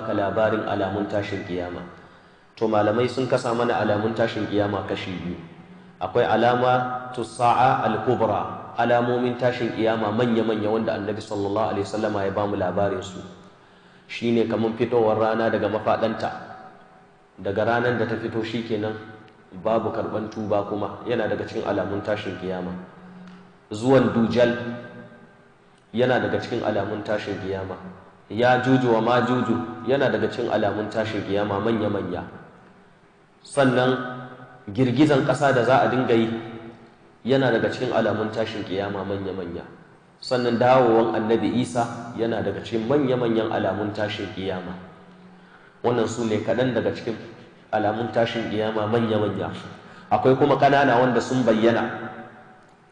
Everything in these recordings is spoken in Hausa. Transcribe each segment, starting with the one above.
baka labarin alamun tashin kiyama to malamai sun kasa mana alamun tashin kiyama kashi biyu akwai alama tusa'a al-kubra alamomin tashin kiyama manya-manya wanda annabi sallallahu alaihi wasallama ya bamu labarin su shine kamar fitowar rana daga mafadanta daga ranar da ta fito shikenan babu karban tuba kuma yana daga cikin alamun tashin kiyama zuwan dujal yana daga cikin alamun tashin kiyama ya juju wa ma juju yana daga cin alamun tashin kiyama manya-manya sannan girgizan ƙasa da za a dinga yi yana daga cikin alamun tashin kiyama manya-manya sannan dawowan annabi isa yana daga cikin manya-manyan alamun tashin kiyama wannan su ne kaɗan daga cikin alamun tashin kiyama manya-manya akwai kuma ƙanana wanda sun bayyana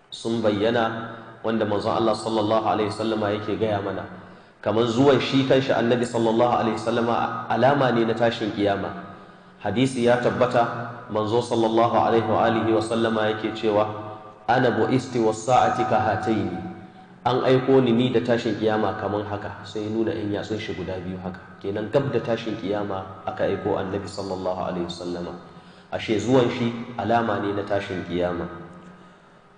sun bayyana wanda manzon Allah sallallahu alaihi wasallama yake gaya mana kamar zuwan shi kanshi annabi sallallahu alaihi wasallama alama ne na tashin kiyama hadisi ya tabbata manzo sallallahu alaihi wa alihi wa sallama yake cewa ana bu'isti was sa'ati ka hatayni an aiko ni ni da tashin kiyama kaman haka sai nuna in yatsun shi guda biyu haka kenan gab da tashin kiyama aka aiko annabi sallallahu alaihi wasallama ashe zuwan shi alama ne na tashin kiyama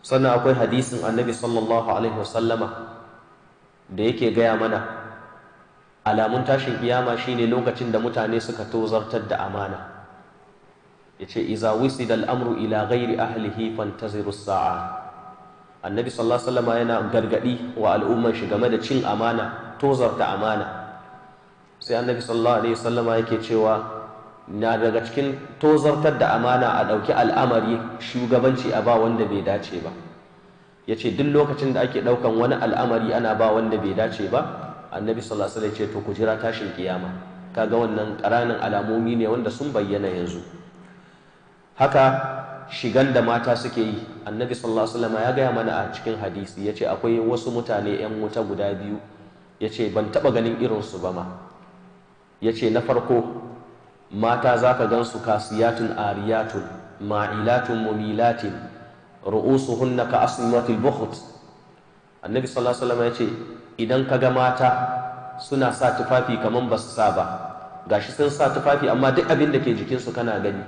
sannan akwai hadisin annabi sallallahu alaihi wasallama da yake gaya mana alamun tashin kiyama shine lokacin da mutane suka tozartar da amana ya ce iza da al'amru ila gairi ahlihi fantaziru sa'a annabi sallallahu yana gargadi wa al'ummar shi game da cin amana tozarta amana sai annabi sallallahu alaihi yake cewa na daga cikin tozartar da amana a ɗauki al'amari shugabanci a ba wanda bai dace ba ya ce duk lokacin da ake ɗaukan wani al'amari ana ba wanda bai dace ba annabi sallallahu alaihi wasallam ce to ku jira tashin kiyama kaga wannan ƙananan alamomi ne wanda sun bayyana yanzu haka shigan da mata suke yi annabi sallallahu alaihi wasallam ya gaya mana a cikin hadisi ya ce akwai wasu mutane 'yan wuta guda biyu ya ce ban taɓa ganin irinsu ba ma ya ce na farko mata za ka gan su kasiyatun ariyatun ma'ilatun mumilatin ru'usuhunna ka asnimatil bukhut annabi sallallahu alaihi wasallam ya ce idan ka ga mata suna sa tufafi kaman ba su sa ba gashi sun sa tufafi amma duk abin da ke jikinsu kana gani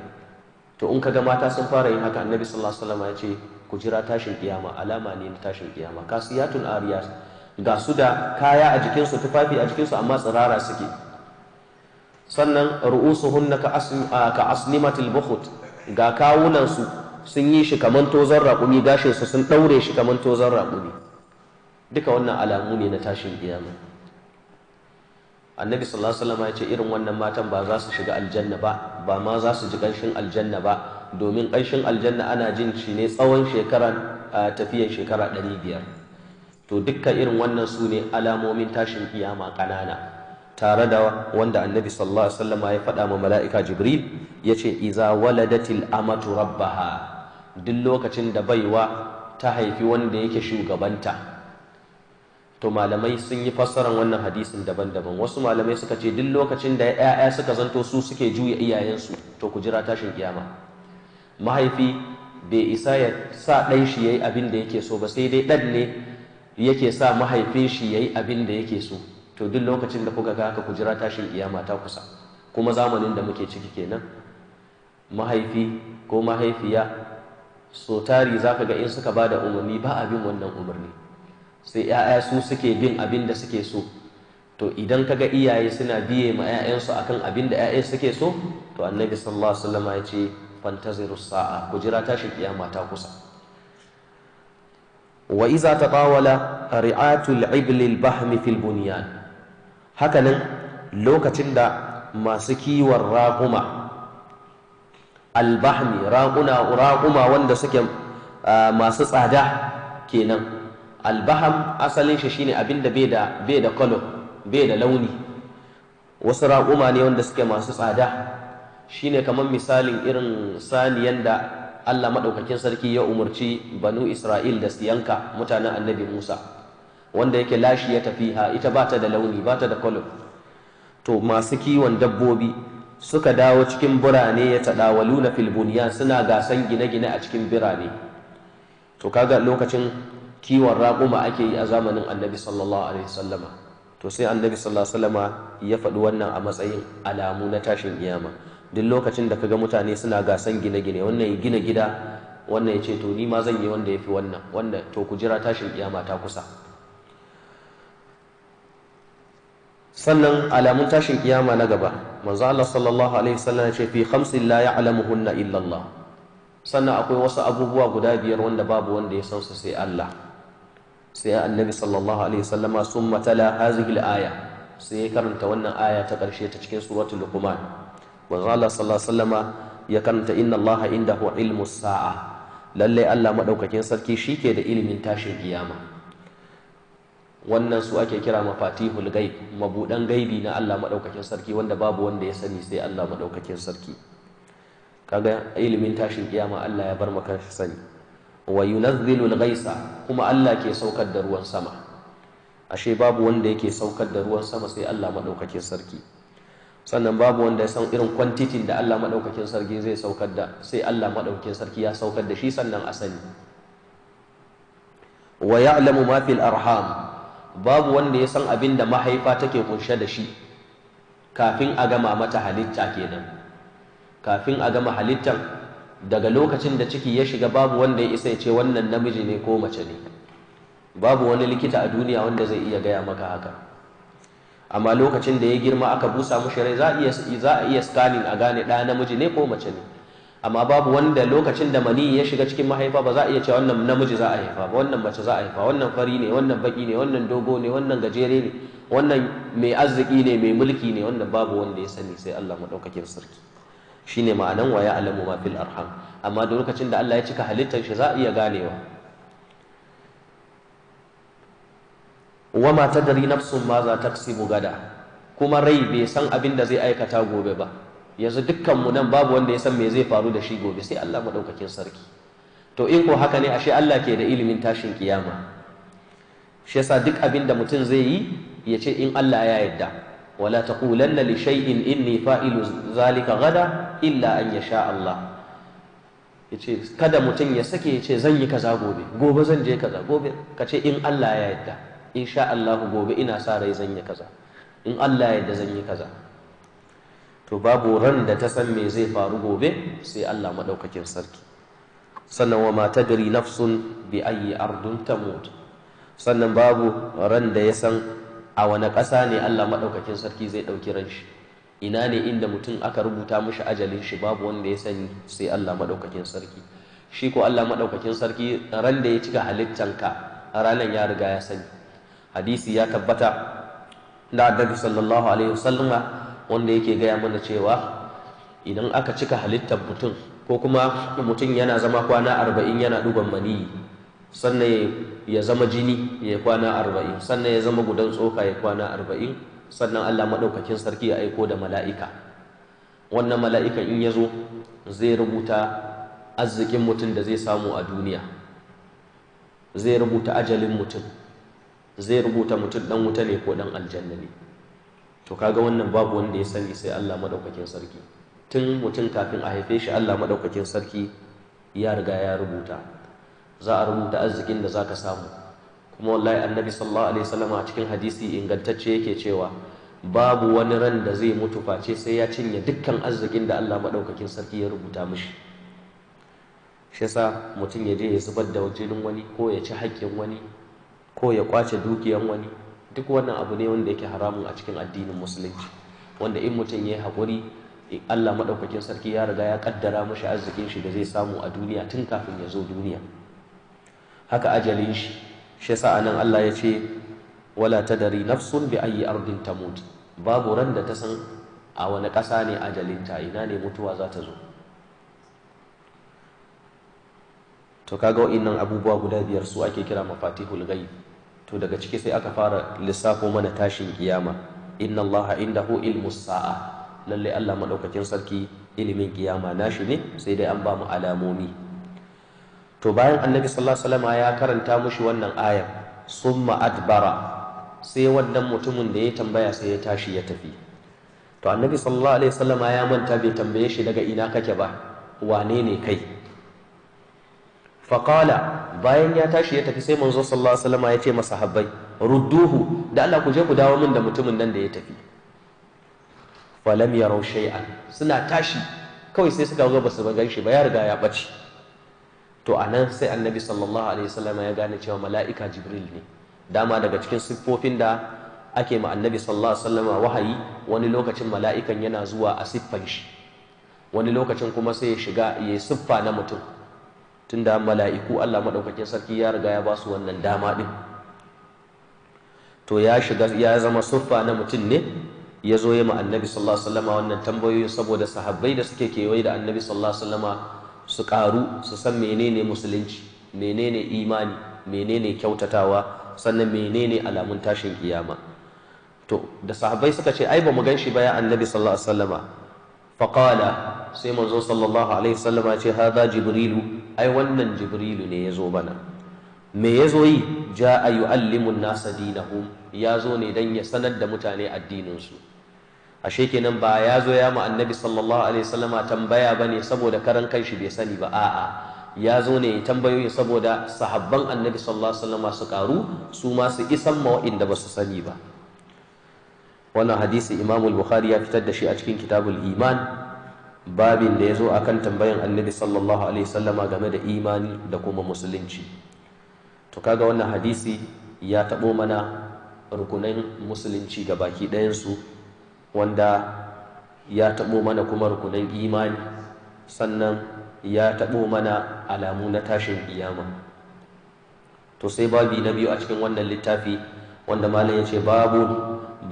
to in ka ga mata sun fara yin haka annabi sallallahu alaihi wasallam ya ce ku jira tashin kiyama alama ne na tashin kiyama kasiyatun ariyat ga su da kaya a jikinsu tufafi a jikinsu amma tsirara suke sannan ru'usuhunna ka asnimatil bukhut ga kawunan su. sun yi shi kamar tozon raƙumi gashinsu sun ɗaure shi kamar tozon raƙumi duka wannan alamu ne na tashin kiyama annabi sallallahu alaihi wasallam ya ce irin wannan matan ba za su shiga aljanna ba ba ma za su ji ƙanshin aljanna ba domin ƙanshin aljanna ana jin shi ne tsawon shekara tafiyan shekara ɗari biyar to duka irin wannan su ne alamomin tashin kiyama ƙanana tare da wanda annabi sallallahu alaihi wasallam ya faɗa ma mala'ika jibril ya yace iza waladatil amatu rabbaha duk lokacin da baiwa ta haifi wanda yake shugabanta to malamai sun yi fassarar wannan hadisin daban-daban wasu malamai suka ce duk lokacin da 'ya'ya suka zanto su suke juya iyayensu to ku jira tashin kiyama mahaifi bai isa ya sa ɗan shi yayi abin da yake so ba sai dai ɗan ne yake sa mahaifin shi yayi abin da yake so to duk lokacin da kuka ga haka ku jira tashin kiyama ta kusa kuma zamanin da muke ciki kenan mahaifi ko mahaifiya sotari za ka ga in suka ba da umarni ba abin wannan umarni sai 'ya'ya su suke bin abin da suke so to idan ka ga iyaye suna biye ma 'ya'yansu a kan abin da 'ya'yan suke so to annabi sallallahu alaihi wasallam ya ce fantaziru sa'a ku jira tashin kiyama ta kusa wa iza tatawala ri'atul ibli al-bahmi fil bunyan nan, lokacin da masu kiwon raguma albahmi raƙuna raƙuma wanda suke ah, masu tsada kenan albaham asalin shi shine abin da bai da bai da kalo bai da launi wasu raƙuma ne wanda suke masu tsada shine kamar misalin irin saniyan da Allah Madaukakin sarki ya umarci banu Isra'il da su yanka mutanen annabi Musa wanda yake lashi ya tafiha ita ba ta da launi ba ta da kalo to masu kiwon dabbobi suka dawo cikin birane ya wa luna filbuniya suna gasan gine-gine a cikin birane to kaga lokacin kiwon raƙuma ake yi a zamanin annabi sallallahu alaihi wasallama to sai annabi sallallahu alaihi wasallama ya faɗi wannan a matsayin alamu na tashin iyama duk lokacin da kaga mutane suna gasan gine-gine wannan ya gina gida wannan ya ce to ni ma zan yi wanda ya fi wannan to ku jira tashin iyama ta kusa sannan alamun tashin kiyama na gaba manzo Allah sallallahu alaihi wasallam ce fi khamsin la ya'lamuhunna illa Allah sannan akwai wasu abubuwa guda biyar wanda babu wanda ya san su sai Allah sai annabi sallallahu alaihi wasallama summa tala hazihi al-aya sai ya karanta wannan aya ta karshe ta cikin suratul luqman manzo Allah sallallahu alaihi wasallama ya karanta inna Allah indahu ilmus sa'a lalle Allah madaukakin sarki shike da ilimin tashin kiyama wannan su ake kira mafatihul gaib mabudan gaibi na Allah madaukakin sarki wanda babu wanda ya sani sai Allah madaukakin sarki kaga ilimin tashin kiyama Allah ya bar maka shi sani wa yunazzilu al-ghaisa kuma Allah ke saukar da ruwan sama ashe babu wanda yake saukar da ruwan sama sai Allah madaukakin sarki sannan babu wanda ya san irin kwantitin da Allah madaukakin sarki zai saukar da sai Allah madaukakin sarki ya saukar da shi sannan a sani wa ya'lamu ma fil arham babu wanda ya san abin da mahaifa take kunshe da shi kafin a gama mata halitta kenan kafin a gama halittar daga lokacin da ciki ya shiga babu wanda ya isa ya ce wannan namiji ne ko mace ne babu wani likita a duniya wanda zai iya gaya maka haka amma lokacin da ya girma aka busa mushi rai za a iya scanning a gane ɗa namiji ne ko mace ne amma babu wanda lokacin da mani ya shiga cikin mahaifa ba za a iya cewa wannan namiji za a haifa ba wannan mace za a haifa wannan fari ne wannan baki ne wannan dogo ne wannan gajere ne wannan mai arziki ne mai mulki ne wannan babu wanda ya sani sai Allah madaukakin sarki shine ma'anan wa ya'lamu ma fil arham amma da lokacin da Allah ya cika halittar shi za a iya ganewa wa ma tadri nafsun ma za taksibu gada kuma rai bai san abin da zai aikata gobe ba yanzu dukkanmu nan babu wanda ya san me zai faru da shi gobe sai Allah maɗaukakin sarki to in ko haka ne ashe Allah ke da ilimin tashin kiyama shi yasa duk abin da mutum zai yi ya ce in Allah ya yarda wala taqulanna li shay'in inni fa'ilu zalika ghadan illa an yasha Allah yace kada mutum ya sake ya ce zan yi kaza gobe gobe zan je kaza gobe ka ce in Allah ya yarda insha Allah gobe ina sa rai zan yi kaza in Allah ya yarda zan yi kaza to babu ran da ta san me zai faru gobe sai Allah maɗaukakin sarki sannan wa ma tadri nafsun bi ayi ardun tamut sannan babu ran da ya san a wani ƙasa ne Allah maɗaukakin sarki zai ɗauki ran shi ina ne inda mutum aka rubuta mishi ajalin shi babu wanda ya sani sai Allah maɗaukakin sarki shi ko Allah maɗaukakin sarki ran da ya cika halittanka ranan ya riga ya sani hadisi ya tabbata da annabi sallallahu alaihi wasallama wanda yake gaya mana cewa idan aka cika halittar mutum ko kuma mutum yana zama kwana arba'in yana dugon mani, sannan ya zama jini ya kwana arba'in sannan ya zama gudan tsoka ya kwana arba'in sannan allah maɗaukakin sarki ya aiko da mala'ika wannan mala'ika in ya zo zai rubuta arzikin mutum da zai samu a duniya zai rubuta ajalin mutum zai rubuta mutum ɗan wuta ne ko ɗan aljanna ne to kaga wannan babu wanda ya sani sai Allah madaukakin sarki tun mutum kafin a haife shi Allah madaukakin sarki ya riga ya rubuta za a rubuta arzikin da zaka samu kuma wallahi annabi sallallahu alaihi wasallam a cikin hadisi ingantacce yake cewa babu wani ran da zai mutu face sai ya cinye dukkan arzikin da Allah madaukakin sarki ya rubuta mishi shi yasa mutum ya je ya zubar da jinin wani ko ya ci haƙƙin wani ko ya kwace dukiyan wani duk wannan abu ne wanda yake haramun a cikin addinin musulunci wanda in mutum ya yi haƙuri Allah maɗaukakin sarki ya riga ya ƙaddara mashi arzikin shi da zai samu a duniya tun kafin ya zo duniya haka ajalin shi shi yasa anan Allah ya ce wala tadari nafsun bi ayi ardin tamut babu ran da ta san a wani ƙasa ne ajalin ta, ina ne mutuwa za ta zo to kaga wa'innan abubuwa guda biyar su ake kira mafatihul ghaib to daga ciki sai aka fara lissafo mana tashin kiyama inna inda indahu ilmu sa'a lalle Allah madaukakin sarki ilimin kiyama nashi ne sai dai an ba mu alamomi to bayan annabi sallallahu alaihi wasallam ya karanta mushi wannan ayar summa adbara sai wannan mutumin da ya tambaya sai ya tashi ya tafi to annabi sallallahu alaihi wasallam ya manta bai tambaye shi daga ina kake ba wane ne kai faƙala bayan ya tashi ya tafi sai manzo sallallahu alaihi wasallam ya ce masa habbai rudduhu da Allah ku je ku dawo min da mutumin nan da ya tafi falam yarau shay'an suna tashi kawai sai suka zo basu gan shi ba ya riga ya bace to anan sai annabi sallallahu alaihi wasallam ya gane cewa mala'ika jibril ne dama daga cikin siffofin da ake ma annabi sallallahu alaihi wasallam wahayi wani lokacin mala'ikan yana zuwa a siffan shi wani lokacin kuma sai ya shiga ya siffa na mutum tunda mala'iku Allah madaukakin sarki ya riga ya ba su wannan dama din to ya shiga ya zama suffa na mutum ne ya zo ya ma annabi sallallahu alaihi wasallama wannan tambayoyin saboda sahabbai da suke kewaye da annabi sallallahu alaihi wasallama su karu su san menene musulunci menene imani menene kyautatawa sannan menene alamun tashin kiyama to da sahabbai suka ce ai ba mu gan shi ba ya annabi sallallahu alaihi wasallama faƙala sai manzo sallallahu alaihi sallama ce haza jibrilu ai wannan jibrilu ne ya zo bana me ya zo yi ja a yu'allimun nasa dinahum ya zo ne don ya sanar da mutane addininsu ashe kenan ba ya zo ya ma annabi sallallahu alaihi sallama tambaya ba ne saboda karan shi bai sani ba a'a ya zo ne tambayoyi saboda sahabban annabi sallallahu alaihi sallama su karu su ma su isan ma wa'inda ba su sani ba wannan hadisi imamu bukhari ya fitar da shi a cikin kitabul iman babin da ya zo a kan tambayan annabi sallallahu alaihi sallama game da imani da kuma musulunci to kaga wannan hadisi ya taɓo mana rukunan musulunci ga baki ɗayansu wanda ya taɓo mana kuma rukunan imani sannan ya tabo mana alamu na tashin kiyama to sai babi na biyu a cikin wannan littafi wanda malam ya ce babu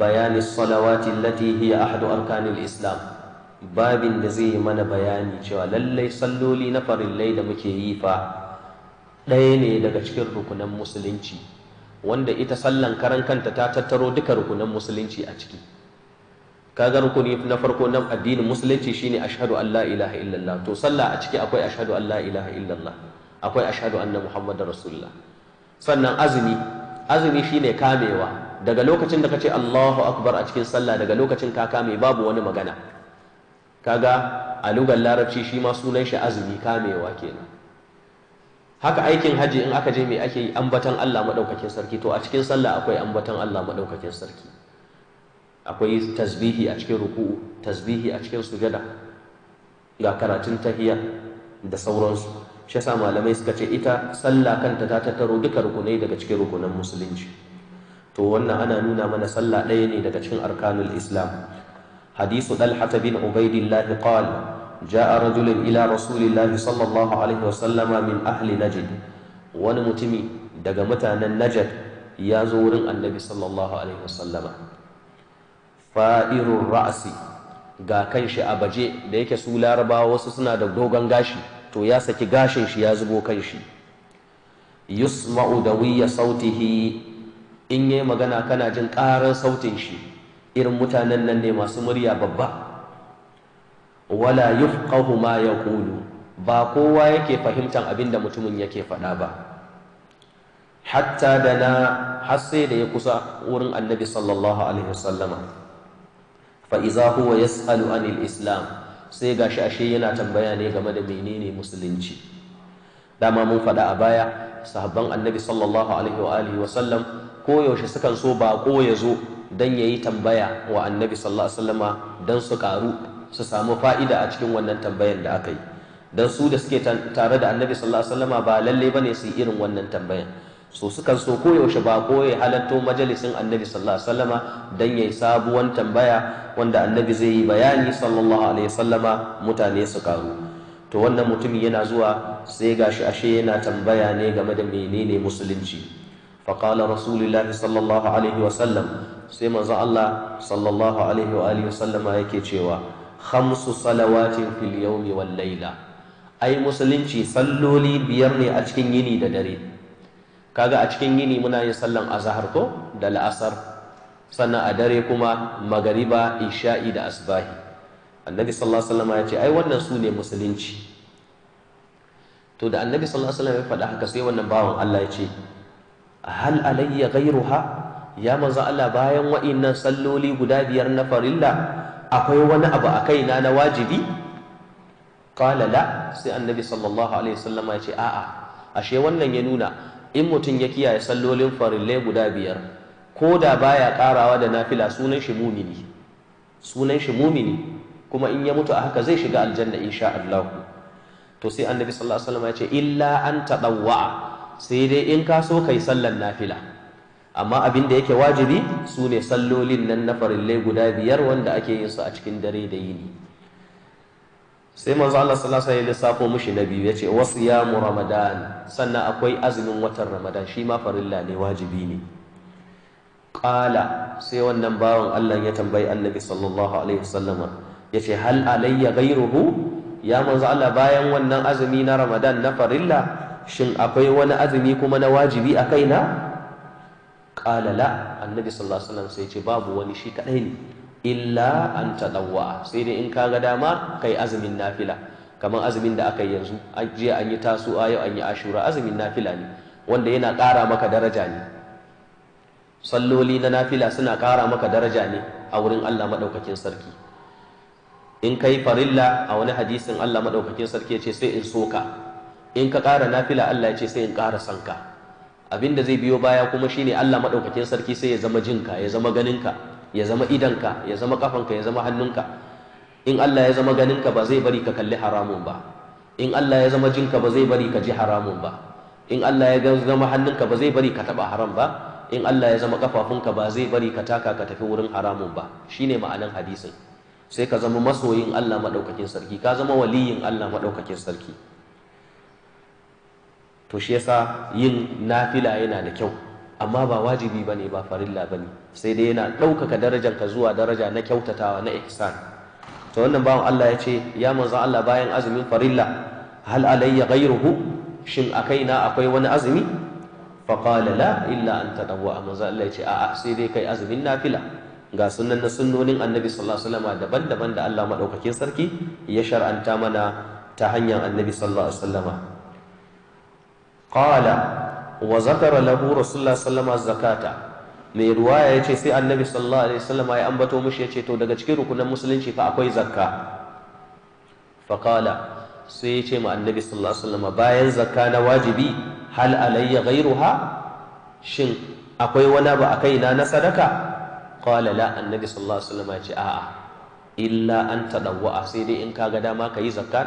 بيان الصلوات التي هي أحد أركان الإسلام babin da zai yi mana bayani cewa lallai salloli na farillai da muke yi fa ɗaya ne daga cikin rukunan musulunci wanda ita sallan karan kanta ta tattaro duka rukunan musulunci a ciki kaga rukuni na farko na addinin musulunci shine ashhadu an la ilaha illallah to sallah a ciki akwai ashhadu an la ilaha illallah akwai ashhadu anna muhammadar rasulullah sannan azumi azumi shine kamewa daga lokacin da ka ce Allahu akbar a cikin sallah daga lokacin ka kame babu wani magana kaga a lugar larabci shi ma sunan shi azumi kamewa kenan haka aikin haji in aka je mai ake yi ambatan Allah madaukakin sarki to a cikin sallah akwai ambatan Allah madaukakin sarki akwai tasbihi a cikin ruku'u tasbihi a cikin sujada ga karatun tahiyya da sauransu shi yasa malamai suka ce ita sallah kanta ta tattaro duka rukunai daga cikin rukunan musulunci to wannan ana nuna mana sallah ɗaya ne daga cikin arkanul islam hadisu ɗalhata bin ubaidillah qal ja'a rajulun ila rasulillahi sallallahu alaihi wa sallama min ahli najd wani mutumi daga mutanen najd ya zo wurin annabi sallallahu alaihi wa sallama fa'irur ra'si ga kanshi a baje da yake su larabawa wasu suna da dogon gashi to ya saki gashin shi ya zubo shi. yusma'u dawiyya sautihi in yi magana kana jin ƙarar sautin shi irin mutanen nan ne masu murya babba wala yufqahu ma kulu ba kowa yake fahimtar abin da mutumin yake faɗa ba hatta da na hasse da ya kusa wurin annabi sallallahu alaihi wasallama fa iza huwa yas'alu anil islam sai gashi ashe yana tambaya ne game da menene musulunci dama mun faɗa a baya sahabban annabi sallallahu alaihi wa alihi wasallam koyaushe sukan so baƙo ya zo don ya yi tambaya wa annabi sallallahu alaihi wasallama don su ƙaru su samu fa'ida a cikin wannan tambayan da aka yi don su da suke tare da annabi sallallahu alaihi wasallama ba lalle ba ne su yi irin wannan tambayan so sukan so koyaushe baƙo ya halatto majalisin annabi sallallahu alaihi wasallama don ya yi sabuwan tambaya wanda annabi zai yi bayani sallallahu alaihi wasallama mutane su ƙaru to wannan mutumin yana zuwa sai gashi ashe yana tambaya ne game da menene musulunci faƙala رسول sallallahu alaihi wasallam sai maza Allah sallallahu alaihi wa عليه wasallam وسلم yake cewa khamsu salawatin fil yawmi wal layla ai musulunci salloli biyar ne a cikin yini da dare kaga a cikin yini muna yin sallan azhar ko da la'asar sannan a dare kuma magariba isha'i da asbahi annabi sallallahu alaihi wasallam ya ce ai wannan su ne musulunci to da annabi sallallahu alaihi wasallam ya faɗa haka sai wannan bawan Allah ya ce hal alayya ghayruha ya manzo Allah bayan wa'innan salloli guda biyar na farilla akwai wani abu a kaina na wajibi qala la sai annabi sallallahu alaihi wasallam ya ce a'a ashe wannan ya nuna in mutum ya kiyaye sallolin farillai guda biyar ko da baya karawa da nafila sunan shi mumini sunan shi mumini kuma in ya mutu a haka zai shiga aljanna insha Allah to sai annabi sallallahu alaihi wasallam ya ce illa an tadawwa sai dai in ka so kai sallan nafila amma abin da yake wajibi su ne sallolin nan na farillai guda biyar wanda ake yin su a cikin dare da yini sai manzo Allah sallallahu alaihi wasallam ya lissafo mushi ya biyu yace wasiyamu ramadan sannan akwai azumin watan ramadan shi ma farilla ne wajibi ne qala sai wannan bawan Allah ya tambayi annabi sallallahu alaihi wasallam yace hal alayya ghayruhu ya manzo Allah bayan wannan azumi na ramadan na farilla shin akwai wani azumi kuma na wajibi a kaina na la annabi sallallahu alaihi wasallam sai ce babu wani shi kadai ne illa an tadawwa sai dai in ka ga dama kai azumin nafila kamar azumin da aka yi yanzu jiya an yi taso a yau an yi ashura azumin nafila ne wanda yana ƙara maka daraja ne salloli na nafila suna ƙara maka daraja ne a wurin Allah maɗaukakin sarki in kai farilla a wani hadisin Allah maɗaukakin sarki ya ce sai in soka in ka ƙara nafila Allah ya ce sai in ƙara son ka abin da zai biyo baya kuma shine Allah maɗaukakin sarki sai ya zama jinka ya zama ganinka ya zama idanka ya zama ƙafanka, ya zama hannunka in Allah ya zama ganinka ba zai bari ka kalli haramun ba in Allah ya zama jinka ba zai bari ka ji haramun ba in Allah ya zama hannunka ba zai bari ka taɓa haram ba in Allah ya zama ƙafafunka ba zai bari ka taka ka tafi wurin haramun ba shine ma'anan hadisin sai ka zama masoyin Allah maɗaukakin sarki ka zama waliyin Allah maɗaukakin sarki to shi yasa yin nafila yana da kyau amma ba wajibi bane ba farilla bane sai dai yana ɗaukaka darajar ka zuwa daraja na kyautatawa na ihsan to wannan bawan Allah ya ce ya manzo Allah bayan azumin farilla hal alayya ghayruhu shin akai na akwai wani azumi fa qala la illa an tadawwa manzo Allah ya ce a'a sai dai kai azumin nafila ga sunan na sunnonin annabi sallallahu alaihi wasallam daban-daban da Allah madaukakin sarki ya shar'anta mana ta hanyar annabi sallallahu alaihi qala wa zakara lahu rasulullah sallama zakata mai ruwaya yace sai annabi sallallahu alaihi wasallam ya ambato mushi yace to daga cikin rukunan musulunci fa akwai zakka fa qala sai yace ma annabi sallallahu alaihi wasallam bayan zakka na wajibi hal alayya ghayruha shin akwai wani abu a kaina na sadaka qala la annabi sallallahu alaihi wasallam yace a'a illa an tadawwa sai dai in kaga dama kai zakka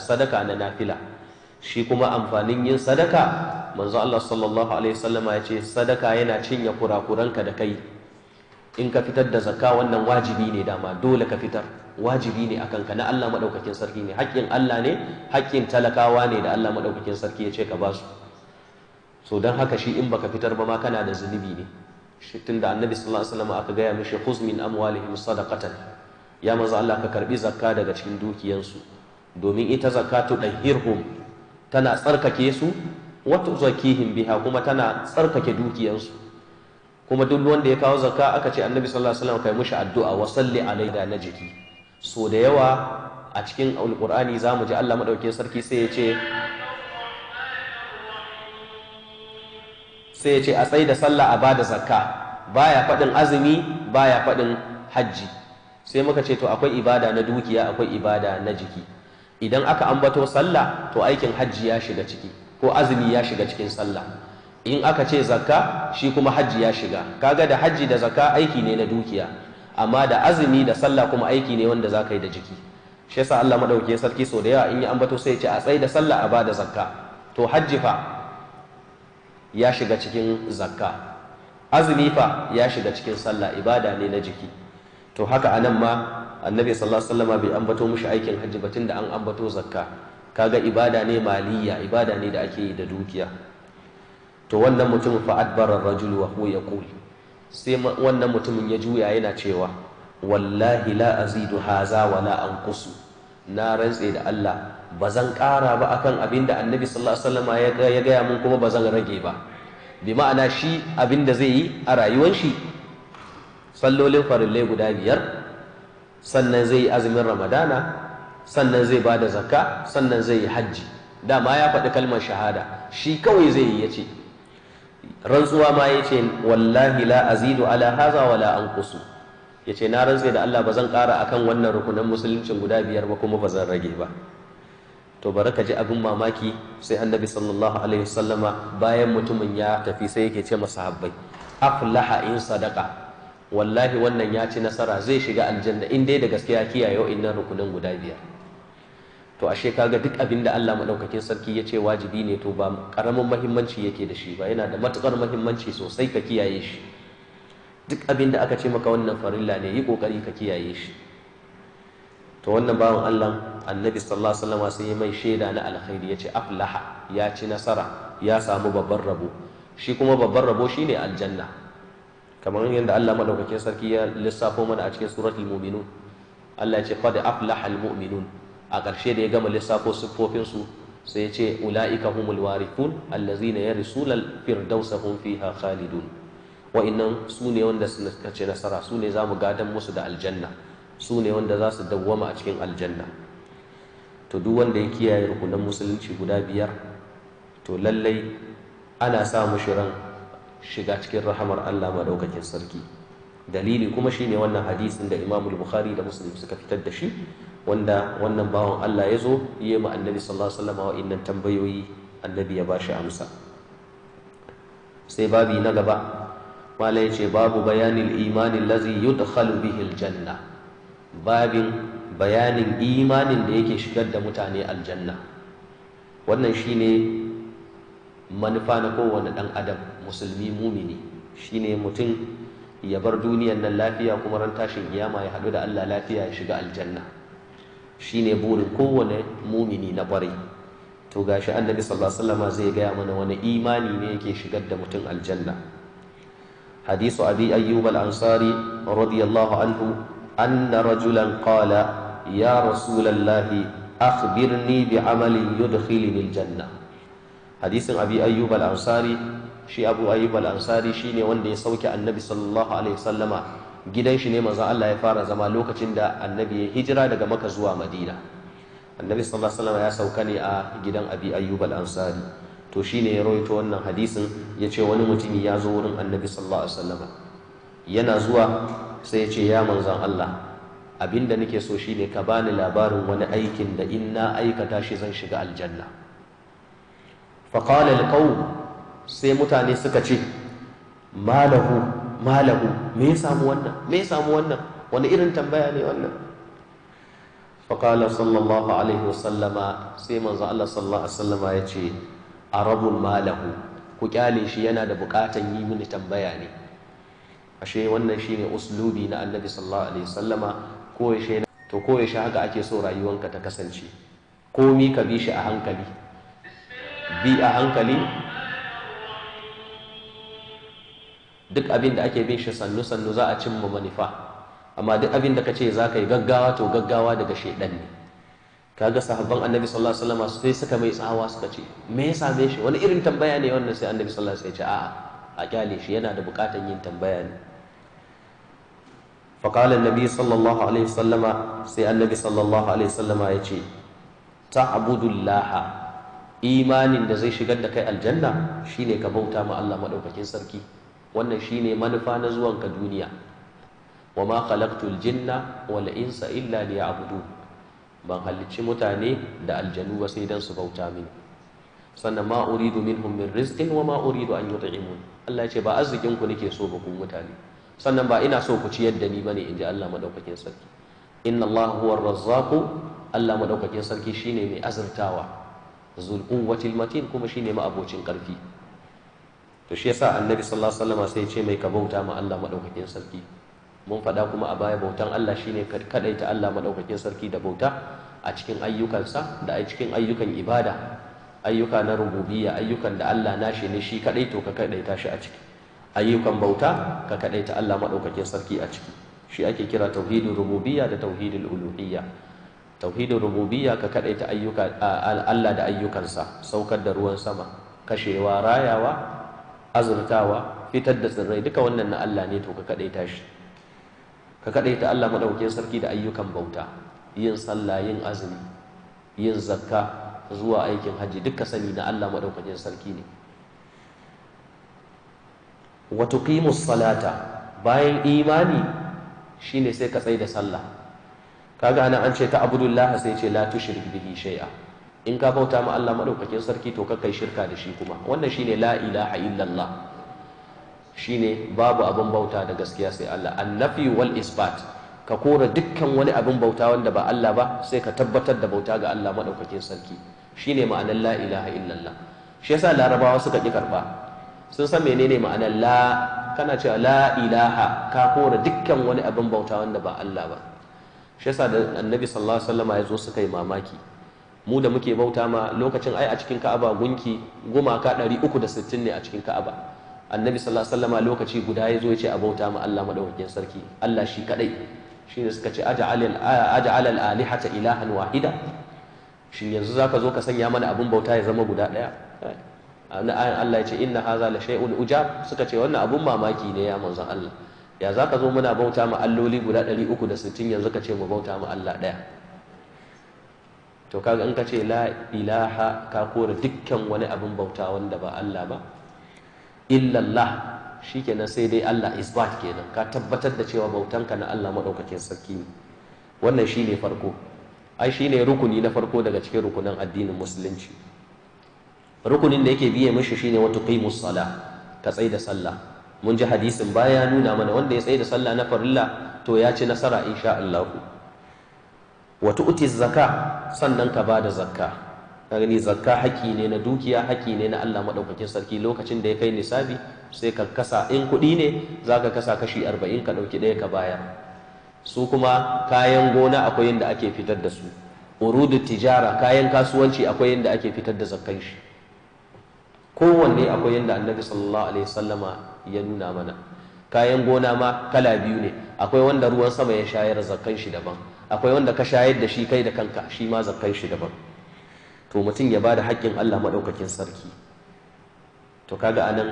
sadaka na nafila shi kuma amfanin yin sadaka manzo Allah sallallahu alaihi wasallama ya ce sadaka yana cinye kurakuranka da kai in ka fitar da zakka wannan wajibi ne dama dole ka fitar wajibi ne akan ka na Allah madaukakin sarki ne haƙƙin Allah ne haƙƙin talakawa ne da Allah madaukakin sarki ya ce ka basu so don haka shi in baka fitar ba ma kana da zunubi ne tunda annabi sallallahu alaihi wasallam aka gaya mishi khuz min amwalihim sadaqatan ya manzo Allah ka karbi zakka daga cikin dukiyansu domin ita zakatu dahirhum tana tsarkake su wata zakihin biha kuma tana tsarkake dukiyansu kuma duk wanda ya kawo zakka aka ce annabi sallallahu alaihi wasallam kai mushi addu'a wa salli alai da najiki so da yawa a cikin alqur'ani zamu ji Allah madaukakin sarki sai ya ce sai ya ce a tsaye da sallah a bada zakka baya faɗin azumi baya faɗin hajji sai muka ce to akwai ibada na dukiya akwai ibada na jiki idan aka ambato sallah to aikin hajji ya shiga ciki ko azumi ya shiga cikin sallah in aka ce zakka shi kuma hajji ya shiga kaga da hajji da zakka aiki ne na dukiya amma da azumi da sallah kuma aiki ne wanda za ka yi da jiki shi yasa Allah madauke sarki so da yawa in ya ambato sai ya ce a tsaye da sallah a ba da zakka to hajji fa ya shiga cikin zakka azumi fa ya shiga cikin sallah ibada ne na jiki to haka anan ma annabi sallallahu alaihi wasallam bai ambato mushi aikin hajji batun da an ambato zakka kaga ibada ne maliya ibada ne da ake yi da dukiya to wannan mutum fa adbara rajul wa huwa yaqul sai wannan mutumin ya juya yana cewa wallahi la azidu haza wa la anqusu na rantse da Allah bazan zan ƙara ba akan abin da annabi sallallahu alaihi wasallam ya gaya mun kuma bazan rage ba bi ma'ana shi abin da zai yi a rayuwar shi sallolin farillai guda biyar sannan zai yi azumin ramadana sannan zai ba da zakka sannan zai yi hajji dama ya faɗi kalmar shahada shi kawai zai yi ya ce rantsuwa ma ya ce wallahi la azidu ala haza wa la anqusu ya ce na rantse da Allah ba zan ƙara akan wannan rukunan musuluncin guda biyar ba kuma ba zan rage ba to bari ka ji abin mamaki sai annabi sallallahu alaihi wasallama bayan mutumin ya tafi sai yake ce masahabbai aflaha in sadaqa wallahi wannan ya ci nasara zai shiga aljanna in dai da gaskiya kiyaye wa'annan rukunin guda biyar to ashe kaga duk abin da Allah madaukakin sarki ya ce wajibi ne to ba karamin muhimmanci yake da shi ba yana da matukar mahimmanci sosai ka kiyaye shi duk abin da aka ce maka wannan farilla ne yi kokari ka kiyaye shi to wannan bawan Allah annabi sallallahu alaihi wasallam sai mai shaida na alkhairi ya ce aflaha ya ci nasara ya samu babban rabo shi kuma babban rabo shine aljanna kamar yadda Allah madaukakin sarki ya lissafo mana a cikin suratul mu'minun Allah ya ce qad aflahal mu'minun a ƙarshe da ya gama lissafo siffofin su sai ya ce ula'ika humul warithun allazina yarisuna firdausa hum fiha khalidun wa su sune wanda suka ce nasara sune zamu gadan musu da aljanna sune wanda za su dawwama a cikin aljanna to duk wanda ya kiyaye rukunan musulunci guda biyar to lallai ana sa shirin shirin. shiga cikin rahamar Allah madaukakin sarki dalili kuma shine wannan hadisin da Imam Bukhari da Muslim suka fitar da shi wanda wannan bawon Allah ya zo yi ma Annabi sallallahu alaihi wasallam wa'annan tambayoyi Annabi ya bashi amsa sai babi na gaba mala ya ce babu bayanin imanin lazi yudkhalu bihi janna, babin bayanin imanin da yake shigar da mutane aljanna wannan shine manufa na kowane ɗan adam musulmi mumini shine mutum ya bar duniyan nan lafiya kuma ran tashin kiyama ya haɗu da Allah lafiya ya shiga aljanna shine burin kowane mumini na ƙwarai to gashi annabi sallallahu alaihi wasallam zai gaya mana wani imani ne yake shigar da mutum aljanna hadisu abi ayyub al-ansari radiyallahu anhu anna rajulan qala ya rasulallahi akhbirni bi amalin yudkhilni al-janna hadisin abi ayyub al-ansari shi abu ayyub al-ansari shine wanda ya sauke annabi sallallahu alaihi wasallama gidan shi ne manzo Allah ya fara zama lokacin da annabi ya hijira daga maka zuwa madina annabi sallallahu alaihi wasallama ya sauka ne a gidan abi ayyub al-ansari to shine ya rawaito wannan hadisin ya ce wani mutumi ya zo wurin annabi sallallahu alaihi wasallama yana zuwa sai ya ce ya manzon Allah abinda nake so shine ka bani labarin wani aikin da in na aikata shi zan shiga aljanna faƙala alƙawu sai mutane suka ce malahu malahu me ya samu wannan me ya samu wannan wani irin tambaya ne wannan Faƙalar sallallahu alaihi wasallama sai manzo Allah sallallahu alaihi wasallama ya ce arabun malahu ku kyale shi yana da buƙatar yi mini tambaya ne ashe wannan shine uslubi na annabi sallallahu alaihi wasallama ko to ko haka ake so rayuwanka ta kasance komi ka bi shi a hankali bi a hankali duk abin da ake bin shi sannu-sannu za a cimma manufa amma duk abin da ka ce za ka yi gaggawa to gaggawa daga shaidan ne kaga sahabban annabi sallallahu alaihi wasallam sai suka mai tsawa suka ce me ya same shi wani irin tambaya ne wannan sai annabi sallallahu alaihi wasallam ya ce a'a a kyale shi yana da bukatan yin tambaya ne fa النبي annabi sallallahu alaihi wasallam sai annabi sallallahu alaihi wasallam ya ce ta abudullah imanin da zai shigar da kai aljanna shine ka bauta ma Allah madaukakin sarki wannan shine manufa na zuwan ka duniya wa ma khalaqtul jinna wal insa illa liya'budun ban halicci mutane da aljanu ba sai dan su bauta mini sannan ma uridu minhum min rizqin wa ma uridu an yut'imun Allah ya ce ba arzikin ku nake so ba ku mutane sannan ba ina so ku ciyar da ni bane inji Allah madaukakin sarki inna Allah huwa razzaqu Allah madaukakin sarki shine mai azurtawa zul quwwatil matin kuma shine ma'abocin ƙarfi. to shi yasa annabi sallallahu alaihi wasallam sai ya ce mai ka bauta ma Allah madaukakin sarki mun faɗa kuma a baya bautan Allah shine kadaita Allah maɗaukakin sarki da bauta a cikin ayyukansa da a cikin ayyukan ibada ayyuka na rububiyya ayyukan da Allah nashi ne shi kaɗai to ka kadaita shi a ciki ayyukan bauta ka kadaita Allah madaukakin sarki a ciki shi ake kira Tauhidin rububiyya da Tauhidin uluhiyya tauhidin rububiyya ka kadaita ayyuka Allah da ayyukansa saukar da ruwan sama kashewa rayawa azurtawa fitar da tsirrai duka wannan na Allah ne to ka kadaita shi ka kadaita Allah madaukakin sarki da ayyukan bauta yin sallah yin azumi yin zakka zuwa aikin haji duka sani na Allah madaukakin sarki ne wa tuqimus salata bayan imani shine sai ka tsai da sallah kaga ana an ce ta abudullah sai ce la tushrik bihi shay'a in ka bauta ma Allah madaukakin sarki to kai shirka da shi kuma wannan shine la ilaha illallah shine babu abin bauta da gaskiya sai Allah annafi wal isbat ka kora dukkan wani abin bauta wanda ba Allah ba sai ka tabbatar da bauta ga Allah madaukakin sarki shine ma'anar la ilaha illallah shi yasa larabawa suka ki karba sun san menene ma'anar la kana cewa la ilaha ka kora dukkan wani abin bauta wanda ba Allah ba shi yasa da annabi sallallahu alaihi wasallam ya zo suka yi mamaki mu da muke bauta ma lokacin ai a cikin ka'aba gunki gumaka da sittin ne a cikin ka'aba annabi sallallahu alaihi wasallam lokaci guda ya zo ya ce a bauta ma Allah madaukakin sarki Allah shi kadai ne suka ce aj'al al-alihata ilahan wahida shi yanzu zaka zo ka sanya mana abun bauta ya zama guda daya na ayan Allah ya ce inna haza la shay'un ujab suka ce wannan abun mamaki ne ya manzon Allah ya za ka zo muna bauta ma alloli guda 360 yanzu ka ce mu bauta ma Allah ɗaya to kaga in ka ce la ilaha ka kore dukkan wani abin bauta wanda ba Allah ba illallah shikenan sai dai Allah isbat kenan ka tabbatar da cewa bautanka na Allah madaukakin sarki ne wannan shine farko ai shine rukuni na farko daga cikin rukunan addinin musulunci rukunin da yake biye mishi shine wato qimus sala ka tsaida da sallah mun ji hadisin baya nuna mana wanda ya tsaye da sallah na farilla to ya ci nasara insha Allah wa tu'ti zakka sannan ka bada zakka ka gani zakka haki ne na dukiya haki ne na Allah madaukakin sarki lokacin da ya kai nisabi sai ka kasa in kuɗi ne za ka kasa kashi 40 ka dauki ɗaya ka bayar su kuma kayan gona akwai yanda ake fitar da su urudu tijara kayan kasuwanci akwai yanda ake fitar da zakkan shi kowanne akwai yanda annabi sallallahu alaihi wasallama ya nuna mana kayan gona ma kala biyu ne akwai wanda ruwan sama ya shayar zakkan shi daban akwai wanda ka shayar da shi kai da kanka shi ma zakkan shi daban to mutum ya ba da haƙƙin Allah maɗaukakin sarki to kaga anan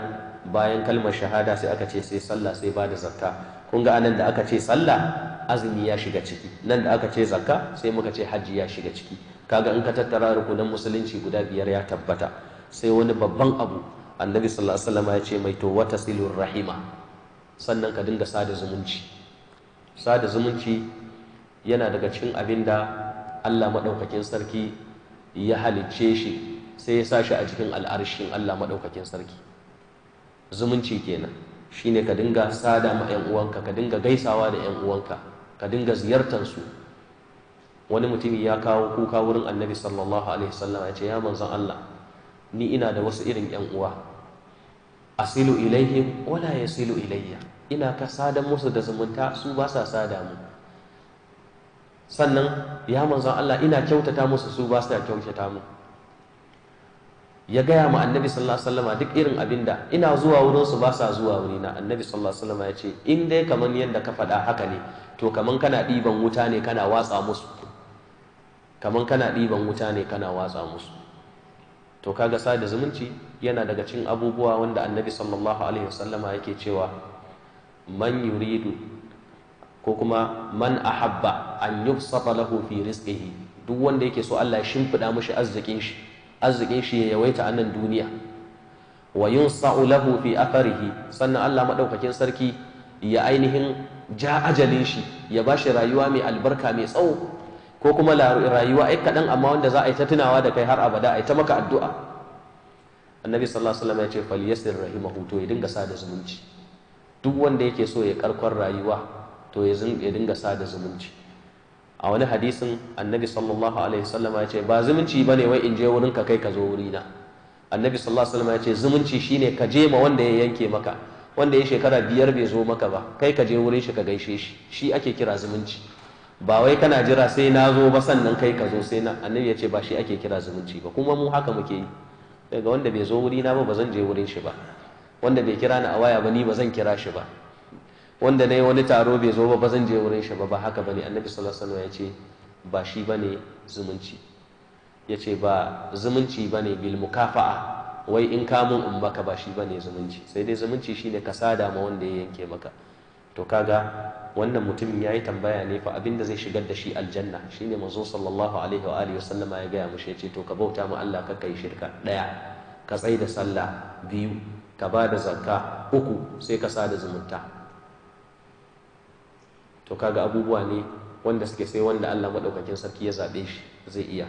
bayan kalmar shahada sai aka ce sai sallah sai bada zakka kun ga anan da aka ce sallah azumi ya shiga ciki nan da aka ce zakka sai muka ce hajji ya shiga ciki kaga in ka tattara rukunan musulunci guda biyar ya tabbata sai wani babban abu annabi sallallahu alaihi wasallam ya ce mai to wata silur rahima sannan ka dinga sada zumunci sada zumunci yana daga cikin abin da Allah maɗaukakin sarki ya halicce shi sai ya sa shi a cikin al'arshin Allah maɗaukakin sarki zumunci kenan shine ka dinga sada ma 'yan uwanka ka dinga gaisawa da 'yan uwanka ka dinga ziyartar su wani mutumi ya kawo kuka wurin annabi sallallahu alaihi wasallam ya ce ya manzon Allah ni ina da wasu irin 'yan uwa asilu ilaihim wala yasilu ilayya ina ka sada musu da zumunta su ba sa sada mu sannan ya manzon Allah ina kyautata musu su ba sa kyautata mu ya gaya ma annabi sallallahu alaihi wasallam duk irin abinda ina zuwa wurin su ba sa zuwa wuri na annabi sallallahu alaihi wasallam ya ce in dai kaman yanda ka faɗa haka ne to kaman kana diban wuta ne kana watsa musu kaman kana ɗiban wuta ne kana watsa musu to kaga sada zumunci yana daga cin abubuwa wanda annabi sallallahu alaihi wasallama yake cewa man yuridu ko kuma man ahabba an yufsata lahu fi rizqihi duk wanda yake so Allah ya shimfida mishi arzikin shi arzikin shi ya yawaita a nan duniya wa yunsa'u lahu fi atharihi sannan Allah madaukakin sarki ya ainihin ja ajalin shi ya bashi rayuwa mai albarka mai tsawo ko kuma rayuwa ai kaɗan amma wanda za a yi ta tunawa da kai har abada a yi ta maka addu'a annabi sallallahu alaihi wasallam ya ce fal yasir rahimahu to ya dinga sada zumunci duk wanda yake so ya karkon rayuwa to ya dinga sada zumunci a wani hadisin annabi sallallahu alaihi wasallam ya ce ba zumunci bane wai in je wurin ka kai ka zo na annabi sallallahu alaihi wasallam ya ce zumunci shine ka je ma wanda ya yanke maka wanda ya shekara biyar bai zo maka ba kai ka je wurin shi ka gaishe shi shi ake kira zumunci ba wai kana jira sai na zo ba sannan kai ka zo sai na annabi ya ce ba shi ake kira zumunci ba kuma mu haka muke yi daga wanda bai zo wuri na ba ba zan je wurin shi ba wanda bai kira ni a waya ba ni ba zan kira shi ba wanda na yi wani taro bai zo ba ba zan je wurin shi ba ba haka bane annabi sallallahu alaihi ya ce ba shi bane zumunci ya ce ba zumunci bane bil mukafa'a wai in ka mun in baka ba shi bane zumunci sai dai zumunci shine ka sada ma wanda ya yanke maka to kaga wannan mutumin ya yi tambaya ne fa abinda zai shigar da shi aljanna shine manzo sallallahu alaihi wa alihi wasallama ya gaya mushi ce to ka bauta mu Allah ka kai shirka daya ka tsai da sallah biyu ka ba da zakka uku sai ka sada zumunta to kaga abubuwa ne wanda suke sai wanda Allah madaukakin sarki ya zabe shi zai iya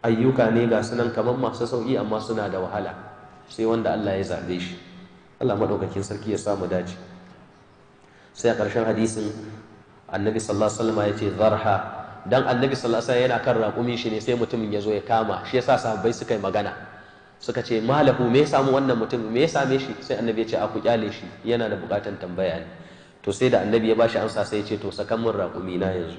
ayyuka ne ga sunan kamar masu sauki amma suna da wahala sai wanda Allah ya zabe shi Allah madaukakin sarki ya samu dace sai a ƙarshen hadisin annabi sallallahu alaihi wasallam ya ce zarha dan annabi sallallahu alaihi wasallam yana kan raƙumin shi ne sai mutumin ya zo ya kama shi yasa sahabbai suka yi magana suka ce malahu me ya samu wannan mutum me ya same shi sai annabi ya ce a ku kyale shi yana da buƙatar tambaya ne to sai da annabi ya bashi amsa sai ya ce to sakan min raƙumi na yanzu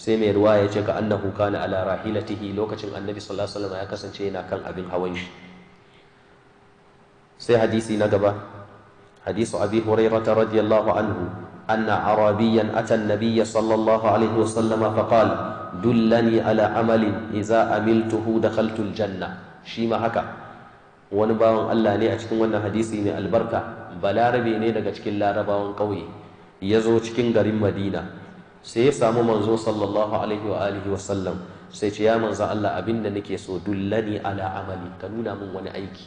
sai mai ruwa ya ce ka annahu kana ala rahilatihi lokacin annabi sallallahu alaihi wasallam ya kasance yana kan abin hawan shi sai hadisi na gaba حديث أبي هريرة رضي الله عنه أن عربيا أتى النبي صلى الله عليه وسلم فقال دلني على عمل إذا أملته دخلت الجنة شيما هكا ونباون الله ني أتكن وانا حديثي من البركة بلا ربي ني دقا تكن لا رباون قوي يزو تكن غريم مدينة سيسامو منزو صلى الله عليه وآله وسلم sai ce ya manzo Allah abin da nake so dullani ala amali ka nuna min wani aiki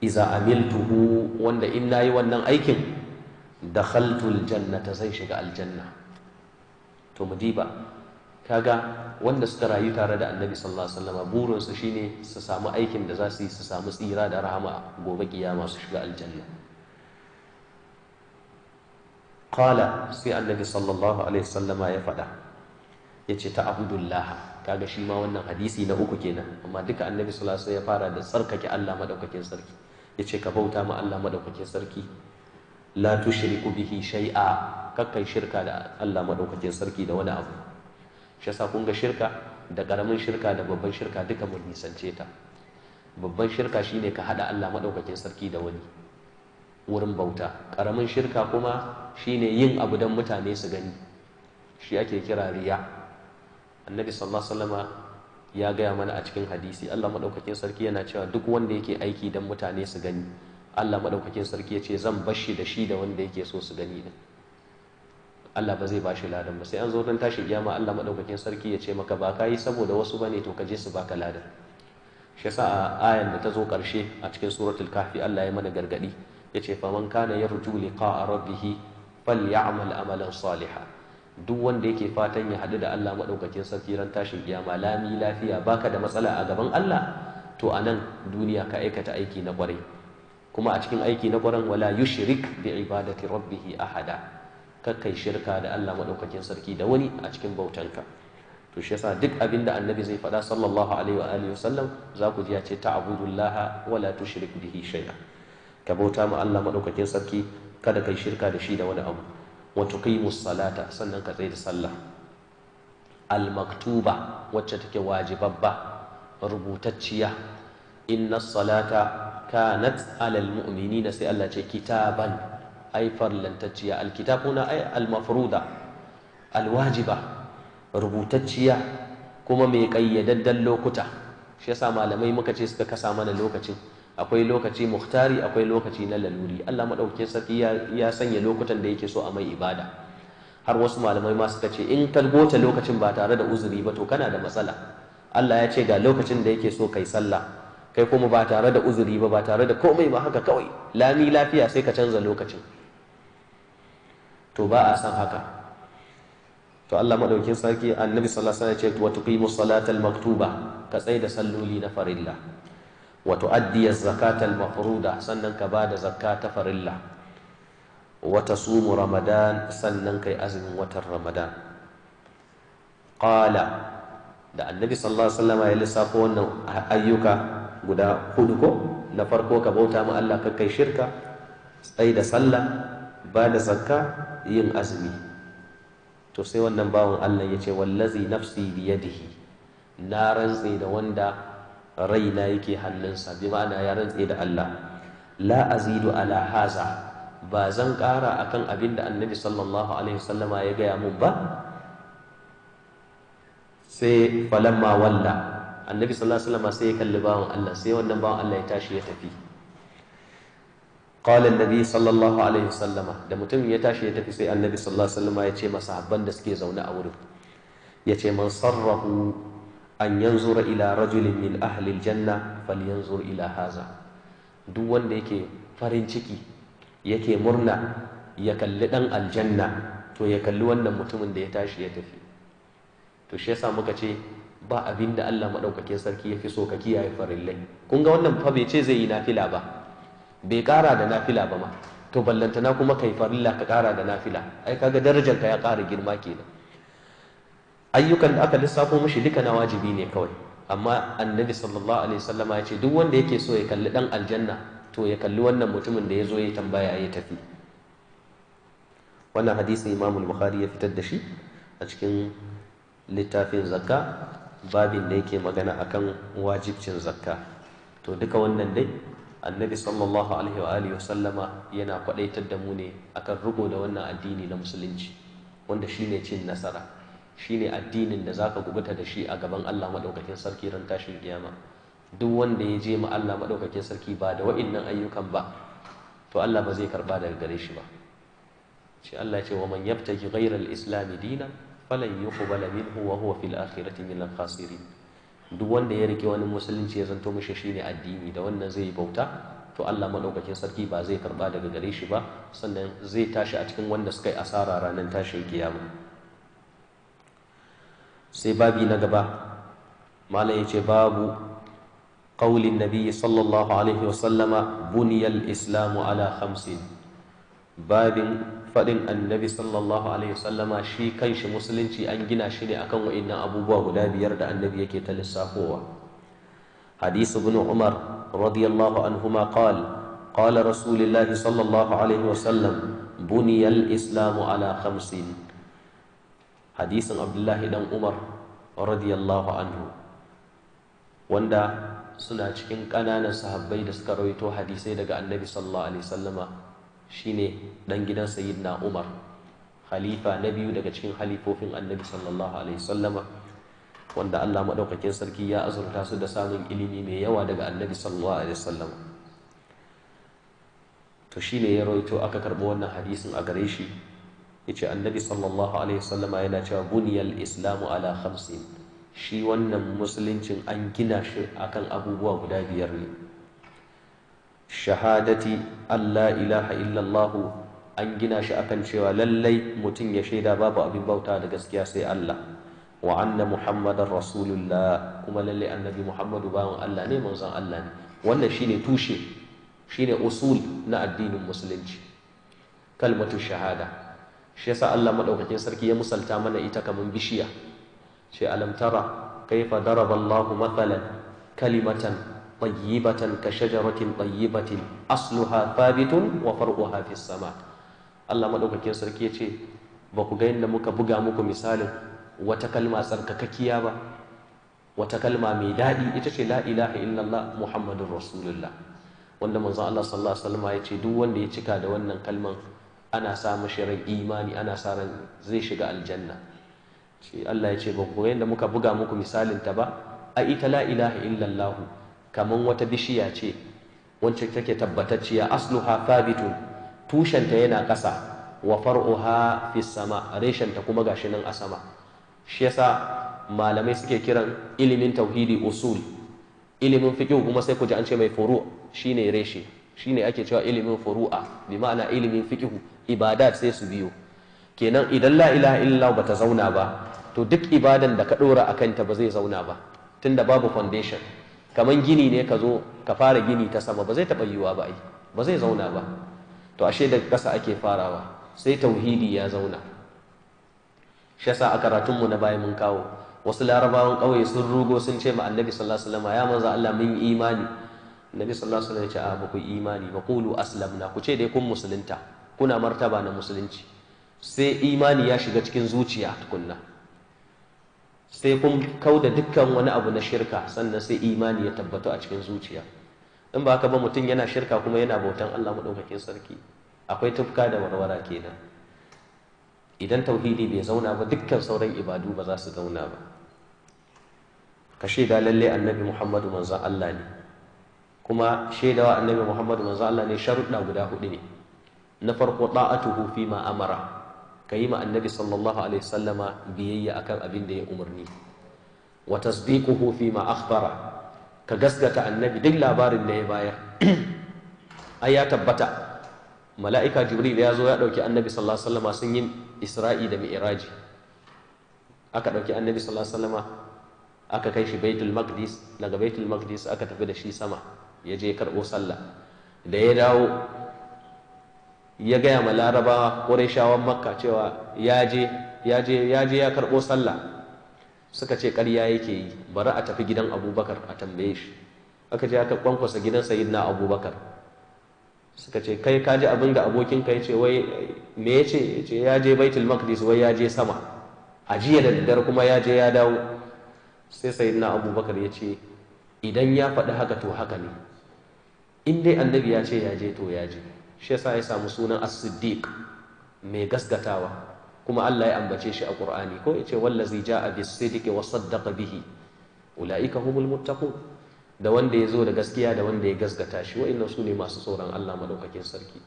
iza amiltuhu wanda in yi wannan aikin dakhaltul jannata zai shiga aljanna to mudiba kaga wanda suka rayu tare da annabi sallallahu alaihi wasallam burin su shine su samu aikin da za su yi su samu tsira da rahama gobe kiyama su shiga aljanna qala sai annabi sallallahu alaihi wasallama ya faɗa yace ta abudullah kaga shi ma wannan hadisi na uku kenan amma duka annabi sallallahu alaihi ya fara da tsarkake Allah madaukakin sarki yace ka bauta ma Allah madaukakin sarki la tushriku bihi shay'a kakkai shirka da Allah madaukakin sarki da wani abu shi yasa kun ga shirka da karamin shirka da babban shirka duka mun nisance ta babban shirka shine ka hada Allah madaukakin sarki da wani wurin bauta karamin shirka kuma shine yin abu don mutane su gani shi ake kira riya annabi sallallahu alaihi wasallama ya gaya mana a cikin hadisi Allah madaukakin sarki yana cewa duk wanda yake aiki dan mutane su gani Allah madaukakin sarki ya ce zan bashi da shi da wanda yake so su gani din Allah ba zai bashi ladan ba sai an zo dan tashi kiyama Allah madaukakin sarki ya ce maka ba ka yi saboda wasu bane to ka je su baka ladan shi yasa a ayan da ta zo karshe a cikin suratul kahfi Allah ya mana gargadi yace faman kana yarju liqa rabbih falyamal amalan salihan duk wanda yake fatan ya haɗu da Allah maɗaukakin sarki ran tashin kiyama lami lafiya baka da matsala a gaban Allah to a nan duniya ka aikata aiki na kwarai kuma a cikin aiki na kwarai wala yushrik bi ibadati rabbih ahada kakkai shirka da Allah maɗaukakin sarki da wani a cikin bautanka to shi yasa duk abin da annabi zai faɗa sallallahu alaihi wa alihi wasallam za ku ji ya ce ta'budullaha wala tushrik bihi shay'a ka bauta ma Allah maɗaukakin sarki kada kai shirka da shi da wani abu wa kai musalata sannan ka tsaye da sallah al-maktuba wacce take wajibabba rubutacciya inna salata kanat alal na sai Allah ce kitaban ai farlantacciya alkitabuna ai almafruda alwajiba rubutacciya kuma mai kayyadaddan lokuta shi yasa malamai muka ce suka kasa mana lokacin akwai lokaci muhtari akwai lokaci na laluri Allah madaukakin sarki ya sanya lokutan da yake so a mai ibada har wasu malamai ma suka ce in ka lokacin ba tare da uzuri ba to kana da matsala Allah ya ce ga lokacin da yake so kai sallah kai kuma ba tare da uzuri ba ba tare da komai ba haka kawai lami lafiya sai ka canza lokacin to ba a san haka to Allah madaukin sarki annabi sallallahu alaihi wasallam ya ce wa tuqimu salatal maktuba ka tsai da salloli na farilla Wato tu'addi Zakatal mafruda sannan ka bada zakka ta farilla Wata Sumu ramadan sannan kai azumin watan ramadan qala da annabi sallallahu alaihi wasallam ya lissafo wannan ayyuka guda hudu ko na farko ka bauta ma Allah ka kai shirka tsaye da sallah ba da zakka yin azumi to sai wannan bawan Allah ya ce wallazi nafsi biyadihi na rantse da wanda raina yake hannunsa bi ma'ana ya rantse da Allah la azidu ala haza ba zan ƙara akan abin da annabi sallallahu alaihi wasallama ya gaya mun ba sai falamma walla annabi sallallahu alaihi wasallama sai ya kalli bawan Allah sai wannan bawan Allah ya tashi ya tafi qala annabi sallallahu alaihi wasallama da mutum ya tashi ya tafi sai annabi sallallahu alaihi wasallama ya ce masa habban da suke zaune a wurin ya ce man sarrahu an yanzura ila rajulin min ahlil janna yanzu ila haza duk wanda yake farin ciki yake murna ya kalli dan aljanna to ya kalli wannan mutumin da ya tashi ya tafi to shi yasa muka ce ba abin da Allah maɗaukakin sarki ya fi so ka kiyaye farillai kun ga wannan fa bai ce zai yi nafila ba bai ƙara da nafila ba ma to na kuma kai farilla ka ƙara da nafila ai kaga darajar ka ya kara girma kenan ayyukan da aka lissafo mishi duka na wajibi ne kawai amma annabi sallallahu alaihi wasallama ya ce duk wanda yake so ya kalli dan aljanna to ya kalli wannan mutumin da ya zo ya tambaya ya tafi wannan hadisi hadisin al bukhari ya fitar da shi a cikin littafin zakka babin da yake magana akan wajibcin zakka to duka wannan dai annabi sallallahu alaihi wa alihi wasallama yana kwadaitar da mu ne akan riko da wannan addini na musulunci wanda shine cin nasara shine addinin da zaka kubuta da shi a gaban Allah madaukakin sarki ran tashin kiyama duk wanda ya je ma Allah madaukakin sarki ba da wa'innan ayyukan ba to Allah ba zai karba daga gare shi ba shi Allah ce wa man yabtaki ghayra al-islam dinan falan yuqbala minhu wa huwa fil akhirati min al-khasirin duk wanda ya rike wani musulunci ya zanto mishi shine addini da wannan zai bauta to Allah madaukakin sarki ba zai karba daga gare shi ba sannan zai tashi a cikin wanda suka yi asara ranar tashin kiyama sai babi na gaba malam yace babu qaulin nabi sallallahu alaihi wa sallama buniyal islamu ala khamsin babin faɗin annabi sallallahu alaihi wa sallama shi kanshi musulunci an gina shi ne akan wa'annan abubuwa guda biyar da annabi yake ta lissafowa hadisi bin umar radiyallahu anhuma qala qala rasulullahi sallallahu alaihi wa sallam buniyal islamu ala khamsin hadisin abdullahi dan umar radiyallahu anhu wanda suna cikin ƙananan sahabbai da suka rawaito hadisai daga annabi sallallahu alaihi wasallama shine dan gidan sayyidina umar khalifa na biyu daga cikin halifofin annabi sallallahu alaihi wasallama wanda Allah maɗaukakin sarki ya azurta su da samun ilimi mai yawa daga annabi sallallahu alaihi wasallama to shine ya rawaito aka karɓi wannan hadisin a gare shi yace annabi sallallahu alaihi wasallama yana cewa buniyal islamu ala khamsin shi wannan musuluncin an gina shi akan abubuwa guda biyar ne shahadati Allah ilaha illallah an gina shi akan cewa lallai mutum ya shaida babu abin bauta da gaskiya sai Allah wa anna muhammadan rasulullah kuma lallai annabi muhammadu bawan Allah ne manzon Allah ne wannan shine tushe shine usul na addinin musulunci kalmatu shahada shi yasa Allah madaukakin sarki ya musalta mana ita kamar bishiya ce alam tara kaifa daraba Allahu mathalan kalimatan tayyibatan ka shajaratin tayyibatin asluha thabitun wa farquha fis sama Allah madaukakin sarki ya ce ba ku ga inda muka buga muku misalin wata kalma tsarkakakkiya ba wata kalma mai daɗi ita ce la ilaha illallah muhammadun rasulullah wanda manzo Allah sallallahu alaihi wasallam ya ce duk wanda ya cika da wannan kalman ana sa mashi ran imani ana sa ran zai shiga aljanna shi Allah ya ce ba ku yanda muka buga muku misalin ta ba a ita la ilaha illallah kaman wata bishiya ce wacce take tabbatacciya asluha thabitun tushenta yana ƙasa wa far'uha fi sama ta kuma gashi nan a sama shi yasa malamai suke kiran ilimin tauhidi usul ilimin fiqh kuma sai ku ji an ce mai furu shine reshe shine ake cewa ilimin furu'a bi ma'ana ilimin fiqhu ibadat sai su biyo kenan idan la ilaha illallah bata zauna ba to duk ibadan da ka ɗora akan ta ba zai zauna ba tunda babu foundation Kamar gini ne ka zo ka fara gini ta sama ba zai taba yiwa ba ai ba zai zauna ba to ashe da ƙasa ake farawa sai tauhidi ya zauna Shasa yasa a karatunmu na baya mun kawo wasu larabawan ƙauye sun rugo sun ce ma annabi sallallahu alaihi wasallam ya manzo Allah mun yi imani nabi sallallahu alaihi wasallam ya ce a ah, ba ku imani ba qulu aslamna ku ce dai kun musulunta kuna martaba na musulunci sai imani ya shiga cikin zuciya tukunna sai kun kauda dukkan wani abu na shirka sannan sai imani ya tabbatu a cikin zuciya in ba haka ba mutum yana shirka kuma yana bautan Allah maɗaukakin sarki akwai tufka da warwara kenan idan tauhidi bai zauna ba dukkan sauran ibadu ba za su zauna ba Kashe da lalle annabi Muhammadu manzon Allah ne kuma shaidawa annabi Muhammadu manzo Allah ne sharuɗa guda hudu ne na farko da'atuhu fi ma amara yi ma annabi sallallahu alaihi sallama biyayya akan abin da ya umarni wa tasdiquhu fi ma akhbara ka gaskata annabi duk labarin da ya bayar ai ya tabbata mala'ika jibril ya zo ya ɗauki annabi sallallahu alaihi sallama sun yi isra'i da mi'raji aka dauki annabi sallallahu alaihi aka kai shi baitul daga baitul aka tafi da shi sama ya je karɓo sallah da ya dawo ya gaya ma larabawa shawar makka cewa ya je ya je ya je ya karɓo sallah suka ce ƙarya yake yi bari a tafi gidan abubakar a tambaye shi aka je aka kwankwasa gidan na abubakar suka ce kai ka ji abin da abokinka ya ce wai me ya ce ya ce ya je baitul maqdis wai ya je sama a jiya da daddare kuma ya je ya dawo sai na abubakar ya ce idan ya faɗi haka to haka ne in dai annabi ya ce ya je to ya je shi yasa ya samu sunan as-siddiq mai gasgatawa kuma Allah ya ambace shi a Qur'ani ko yace wallazi ja'a bis-sidqi wa saddaqa bihi ulaika humul muttaqun da wanda ya zo da gaskiya da wanda ya gasgata shi wa'annan su ne masu tsoron Allah madaukakin sarki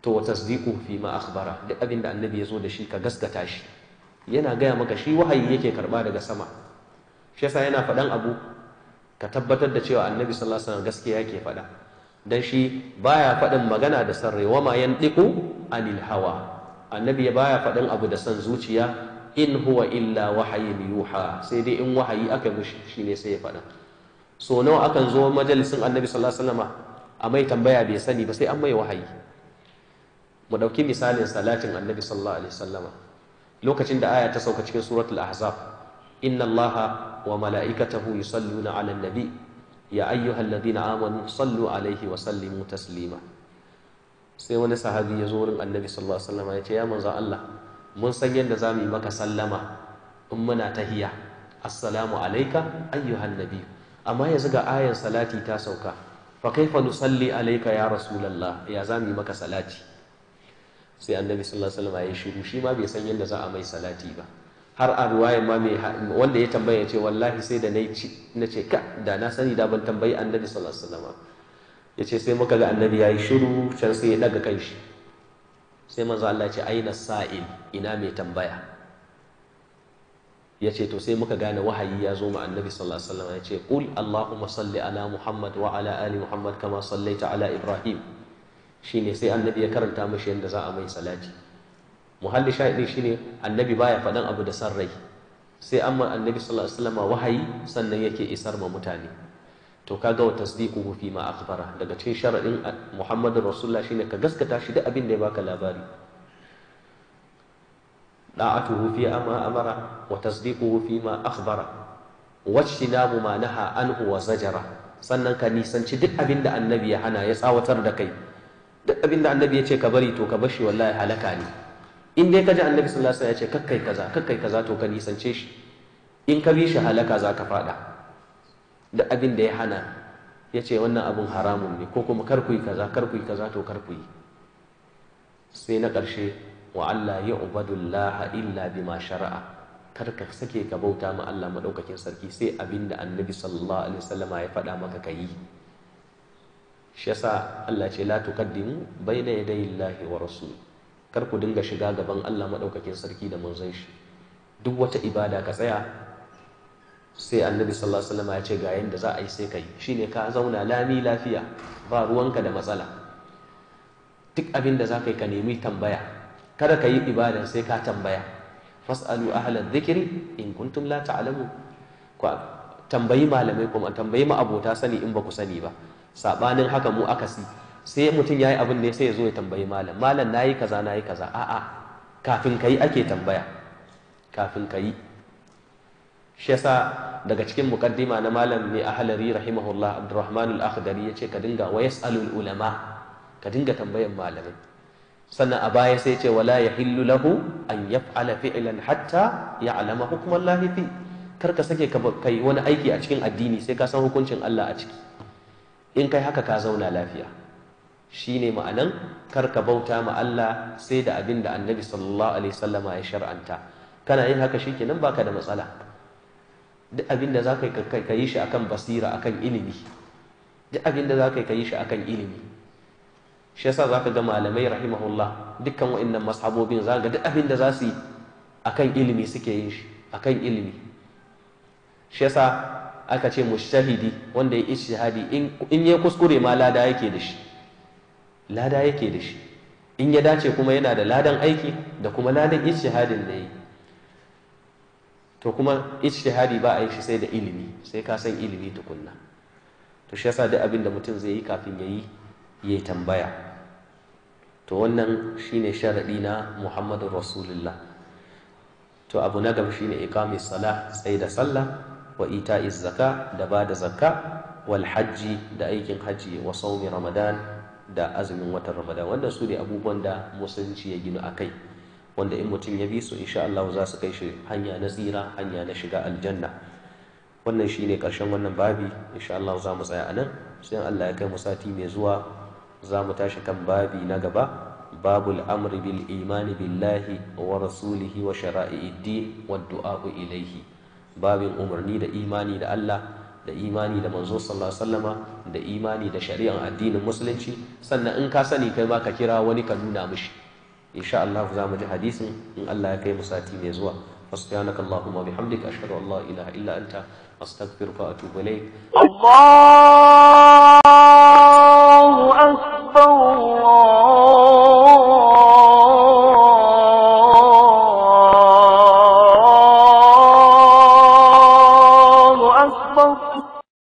to wa tasdiqu fi ma akhbara duk abin da annabi ya zo da shi ka gasgata shi yana gaya maka shi wahayi yake karɓa daga sama shi yasa yana faɗan abu ka tabbatar da cewa annabi sallallahu alaihi wasallam gaskiya yake faɗa dan shi baya faɗin magana da sarrai wa ma yantiqu anil hawa annabi ya baya faɗin abu da san zuciya in huwa illa wahayi yuha sai dai in wahayi aka mishi shine sai ya faɗa so nawa akan zo majalisin annabi sallallahu alaihi a mai tambaya bai sani ba sai an mai wahayi mu ɗauki misalin salatin annabi sallallahu alaihi wasallama lokacin da aya ta sauka cikin suratul ahzab inna allaha wa mala'ikatahu yusalluna 'alan nabi ya ayyuhal ladina amanu sallu alaihi wa sallimu taslima sai wani sahabi ya zo wurin annabi sallallahu alaihi wasallam ya ce ya manzo Allah mun san yadda za mu yi maka sallama in muna tahiya assalamu alayka ayyuhan nabi amma yanzu ga ayan salati ta sauka fa kaifa nusalli alayka ya rasulullah ya za mu yi maka salati sai annabi sallallahu alaihi wasallam ya shiru shi ma bai san yadda za a mai salati ba har a ruwaya ma mai wanda ya tambaya ce wallahi sai da na ci na ce ka da na sani da ban tambayi annabi sallallahu alaihi wasallam ya ce sai muka ga annabi ya yi shiru can sai ya daga kan shi sai manzo Allah ya ce aina sa'il ina mai tambaya ya ce to sai muka gane wahayi ya zo ma annabi sallallahu alaihi wasallam ya ce qul allahumma salli ala muhammad wa ala ali muhammad kama sallaita ala ibrahim shine sai annabi ya karanta mashi yadda za a mai salati muhalli shi shine annabi baya faɗan abu da san rai sai amma annabi sallallahu alaihi wasallam wahayi sannan yake isar ma mutane to kaga wa tasdiquhu fi ma akhbara daga cikin sharadin muhammadin rasulullah shine ka gaskata shi da abin da ya baka labari da'atuhu fi amma amara wa tasdiquhu fi ma akhbara wajtinabu ma naha anhu wa zajara sannan ka nisanci duk abin da annabi ya hana ya tsawatar da kai duk abin da annabi ya ce ka bari to ka bar shi wallahi halaka ne in dai ka ji annabi sallallahu alaihi wasallam ya ce kakkai kaza kakkai kaza to ka nisance shi in ka bi shi halaka za ka fada da abin da ya hana ya ce wannan abin haramun ne ko kuma kar ku yi kaza kar ku yi kaza to kar ku yi sai na ƙarshe wa Allah ya ubadullah illa bima shari'a kar ka sake ka bauta ma Allah madaukakin sarki sai abin da annabi sallallahu alaihi wasallama ya faɗa maka ka yi shi yasa Allah ce la tuqaddimu bayna yadayillahi wa rasuli kar ku dinga shiga gaban Allah maɗaukakin sarki da manzon shi duk wata ibada ka tsaya sai annabi sallallahu alaihi wasallam ya ce ga yanda za a yi sai kai shine ka zauna lami lafiya ba ruwanka da matsala duk abin da za ka yi ka nemi tambaya kada ka yi ibada sai ka tambaya fas'alu ahla dhikri in kuntum la ta'lamu ku tambayi malamai kuma tambayi ma abota sani in ba ku sani ba sabanin haka mu akasi sai mutum ya yi abin ne sai ya zo ya tambayi malam malam na yi kaza na yi kaza a'a kafin ka yi ake tambaya kafin ka yi shi yasa daga cikin mukaddima na malam ne a halari rahimahullah abdurrahman al ya ce ka dinga wa yasalul ulama ka dinga tambayan malamin sannan a baya sai ce wala ya yahillu lahu an yaf'ala fi'lan hatta ya'lama hukmallahi fi kar ka sake ka kai wani aiki a cikin addini sai ka san hukuncin Allah a ciki in kai haka ka zauna lafiya shine ma'anan kar ka bauta ma Allah sai da abin da annabi sallallahu alaihi sallama ya shar'anta kana yin haka shikenan baka da matsala duk abin da zaka yi ka yi shi akan basira akan ilimi duk abin da zaka yi ka yi shi akan ilimi shi yasa zaka ga malamai rahimahullah dukkan wa'annan mashabobin zaka ga duk abin da za su yi akan ilimi suke yin shi akan ilimi shi yasa aka ce mushahidi wanda ya ishtihadi in ya kuskure ma lada yake da shi lada yake da shi in ya dace kuma yana da ladan aiki da kuma ladan ishihadin da yi to kuma ishihadi ba a yi shi sai da ilimi sai ka san ilimi tukunna to shi yasa duk abin da mutum zai yi kafin ya yi ya tambaya to wannan shine sharaɗi na Muhammadu Rasulullah to abu na gaba shine iqamis salah sai da sallah wa ita'iz zakka da ba da zakka wal hajji da aikin hajji wa saumi ramadan da azumin watan ramadan wanda su ne abubuwan da musulunci ya gina a kai wanda in mutum ya bi su insha Allah za su kai shi hanya na tsira hanya na shiga aljanna wannan shi ne karshen wannan babi insha Allah za mu tsaya a nan sai Allah ya kai mu sati mai zuwa za mu tashi kan babi na gaba babul amri bil imani billahi wa rasulihi wa shara'i din wa du'a ilaihi babin umarni da imani da Allah da imani da manzo sallallahu sallama. da imani da shari'an addinin musulunci sannan in ka sani kai ma ka kira wani ka nuna mishi insha Allah za mu ji hadisin in Allah ya kai mu sati mai zuwa فسبحانك اللهم وبحمدك أشهد أن لا إله إلا أنت أستغفرك وأتوب إليك الله أكبر